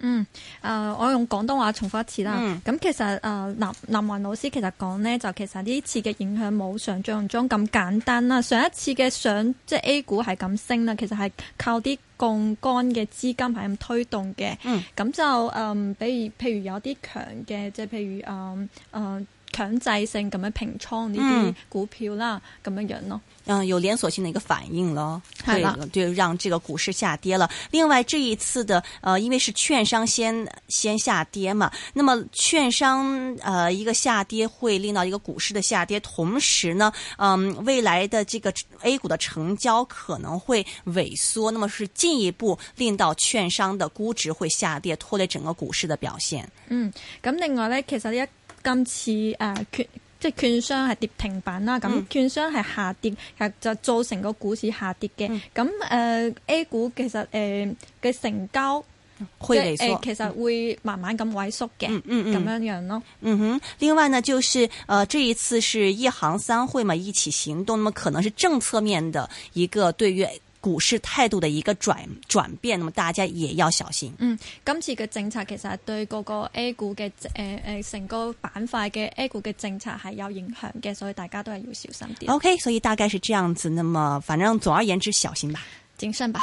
嗯，誒、呃，我用廣東話重複一次啦。咁、嗯、其實誒、呃，林林耘老師其實講咧，就其實呢次嘅影響冇想象中咁簡單啦。上一次嘅上，即係 A 股係咁升啦，其實係靠啲槓杆嘅資金係咁推動嘅。咁、嗯、就誒，比、呃、如譬如有啲強嘅，即係譬如誒、呃呃強制性咁樣平倉呢啲股票啦，咁樣樣咯。嗯，有連鎖性的一個反應咯，對，就讓這個股市下跌了。另外這一次的，呃，因為是券商先先下跌嘛，那麼券商，呃，一個下跌會令到一個股市的下跌，同時呢，嗯、呃，未來的這個 A 股的成交可能會萎縮，那麼是進一步令到券商的估值會下跌，拖累整個股市的表現。嗯，咁另外呢，其實呢一。今次誒、呃、券即係券商係跌停板啦，咁券商係下跌，其、嗯、就造成個股市下跌嘅。咁、嗯、誒、呃、A 股其實誒嘅、呃、成交會係、呃、其實會慢慢咁萎縮嘅，咁、嗯、樣、嗯嗯、樣咯。嗯哼，另外呢，就是誒、呃、這一次是一行三會嘛，一起行動，咁嘛可能是政策面的一個對於。股市態度的一個轉轉變，那麼大家也要小心。嗯，今次嘅政策其實對嗰個 A 股嘅誒誒成個板塊嘅 A 股嘅政策係有影響嘅，所以大家都係要小心啲。OK，所以大概是這樣子，那麼反正總而言之，小心吧，謹慎吧。